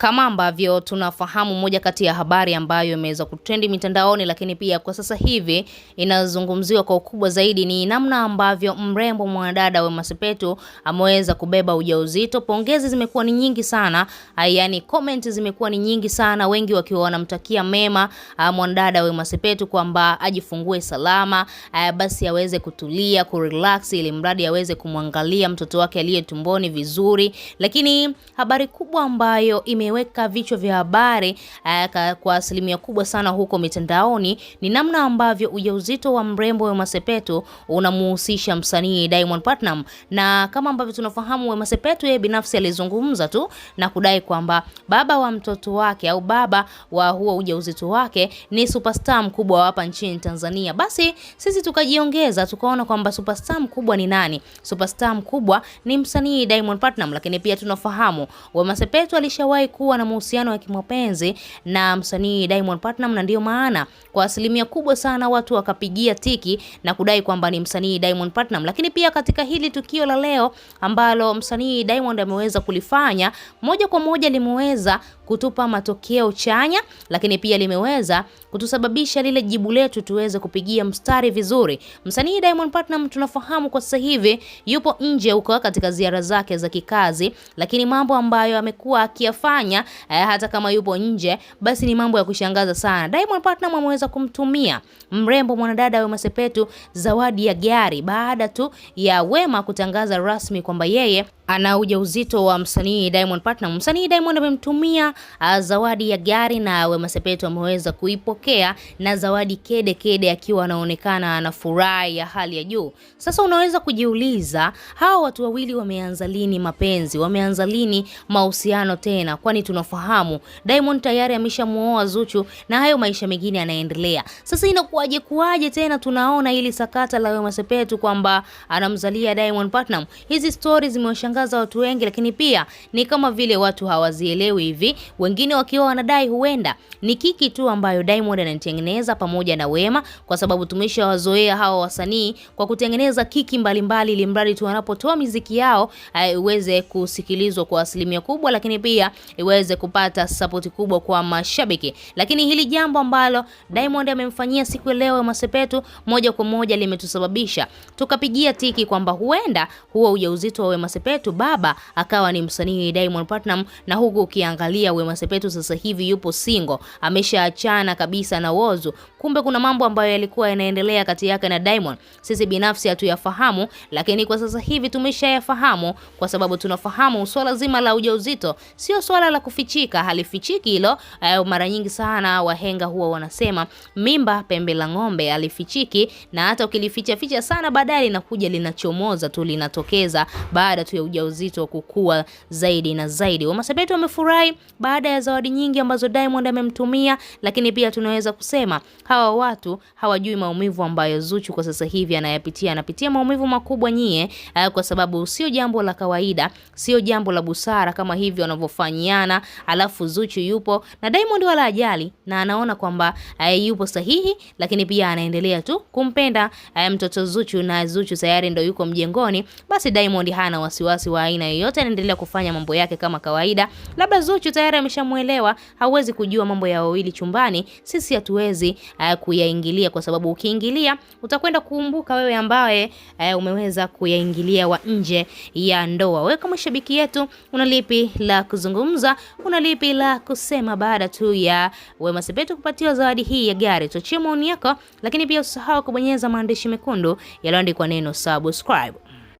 Kama ambavyo tunafahamu, moja kati ya habari ambayo imeweza kutrendi mitandaoni, lakini pia kwa sasa hivi inazungumziwa kwa ukubwa zaidi ni namna ambavyo mrembo mwanadada Wema Sepetu ameweza kubeba ujauzito. Pongezi zimekuwa ni nyingi sana, ah, yaani comment zimekuwa ni nyingi sana, wengi wakiwa wanamtakia mema ah, mwanadada Wema Sepetu kwamba ajifungue salama, ah, basi aweze kutulia, kurelax, ili mradi aweze kumwangalia mtoto wake aliye tumboni vizuri. Lakini habari kubwa ambayo ime imeweka vichwa vya habari uh, kwa asilimia kubwa sana huko mitandaoni ni namna ambavyo ujauzito wa mrembo Wema Sepetu unamuhusisha msanii Diamond Platnumz, na kama ambavyo tunafahamu Wema Sepetu yeye binafsi alizungumza tu na kudai kwamba baba wa mtoto wake au baba wa huo ujauzito wake ni superstar mkubwa hapa nchini Tanzania. Basi sisi tukajiongeza tukaona kwamba superstar mkubwa ni nani? Superstar mkubwa ni msanii Diamond Platnumz, lakini pia tunafahamu Wema Sepetu alishawahi kuwa na mahusiano ya kimapenzi na msanii Diamond Platnumz, na ndiyo maana kwa asilimia kubwa sana watu wakapigia tiki na kudai kwamba ni msanii Diamond Platnumz. Lakini pia katika hili tukio la leo ambalo msanii Diamond ameweza kulifanya moja kwa moja limeweza kutupa matokeo chanya, lakini pia limeweza kutusababisha lile jibu letu tuweze kupigia mstari vizuri. Msanii Diamond Platinum tunafahamu kwa sasa hivi yupo nje huko katika ziara zake za kikazi, lakini mambo ambayo amekuwa akiyafanya eh, hata kama yupo nje, basi ni mambo ya kushangaza sana. Diamond Platinum ameweza kumtumia mrembo mwanadada Wema Sepetu zawadi ya gari baada tu ya Wema kutangaza rasmi kwamba yeye ana ujauzito wa msanii Diamond Platnumz. Msanii Diamond amemtumia uh, zawadi ya gari na Wema Sepetu ameweza kuipokea na zawadi kede kede, akiwa anaonekana ana furaha ya hali ya juu. Sasa unaweza kujiuliza hawa watu wawili wameanza lini mapenzi, wameanza lini mahusiano tena, kwani tunafahamu Diamond tayari ameshamuoa Zuchu na hayo maisha mengine yanaendelea. Sasa inakuwaje kuwaje tena tunaona ili sakata la Wema Sepetu kwamba anamzalia Diamond Platnumz. Hizi stories zimewashangaza kushangaza watu wengi, lakini pia ni kama vile watu hawazielewi hivi, wengine wakiwa wanadai huenda ni kiki tu ambayo Diamond anatengeneza pamoja na Wema, kwa sababu tumeshawazoea hawa wasanii kwa kutengeneza kiki mbalimbali, ili mradi tu wanapotoa miziki yao eh, iweze kusikilizwa kwa asilimia kubwa, lakini pia iweze kupata sapoti kubwa kwa mashabiki. Lakini hili jambo ambalo Diamond amemfanyia siku ya leo Wema Sepetu, moja kwa moja limetusababisha tukapigia tiki kwamba huenda huo ujauzito wa Wema Sepetu Sepetu baba akawa ni msanii Diamond Platinum, na huku ukiangalia Wema Sepetu sasa hivi yupo single, ameshaachana kabisa na Whozu. Kumbe kuna mambo ambayo yalikuwa yanaendelea kati yake na Diamond. Sisi binafsi hatuyafahamu, lakini kwa sasa hivi tumeshayafahamu kwa sababu tunafahamu swala zima la ujauzito sio swala la kufichika, halifichiki hilo. Eh, mara nyingi sana wahenga huwa wanasema mimba pembe la ng'ombe alifichiki, na hata ukilificha ficha sana baadaye linakuja linachomoza tu linatokeza baada tu ya uja ujauzito kukua zaidi na zaidi. Wamasabeti wamefurahi baada ya zawadi nyingi ambazo Diamond amemtumia, lakini pia tunaweza kusema hawa watu hawajui maumivu ambayo Zuchu kwa sasa hivi anayapitia. Anapitia maumivu makubwa nyie, uh, kwa sababu sio jambo la kawaida, sio jambo la busara kama hivi wanavyofanyiana, alafu Zuchu yupo na Diamond wala ajali na anaona kwamba uh, yupo sahihi, lakini pia anaendelea tu kumpenda uh, mtoto Zuchu na Zuchu tayari ndo yuko mjengoni, basi Diamond hana wasiwasi wasiwasi wa aina yoyote, anaendelea kufanya mambo yake kama kawaida. Labda Zuchu tayari ameshamuelewa, hauwezi kujua mambo ya wawili chumbani, sisi hatuwezi uh, kuyaingilia kwa sababu ukiingilia utakwenda kukumbuka wewe ambaye uh, umeweza kuyaingilia wa nje ya ndoa. Wewe kama shabiki yetu unalipi la kuzungumza? Unalipi la kusema baada tu ya Wema Sepetu kupatiwa zawadi hii ya gari? Tuachie maoni yako, lakini pia usahau kubonyeza maandishi mekundu yaliyoandikwa neno subscribe.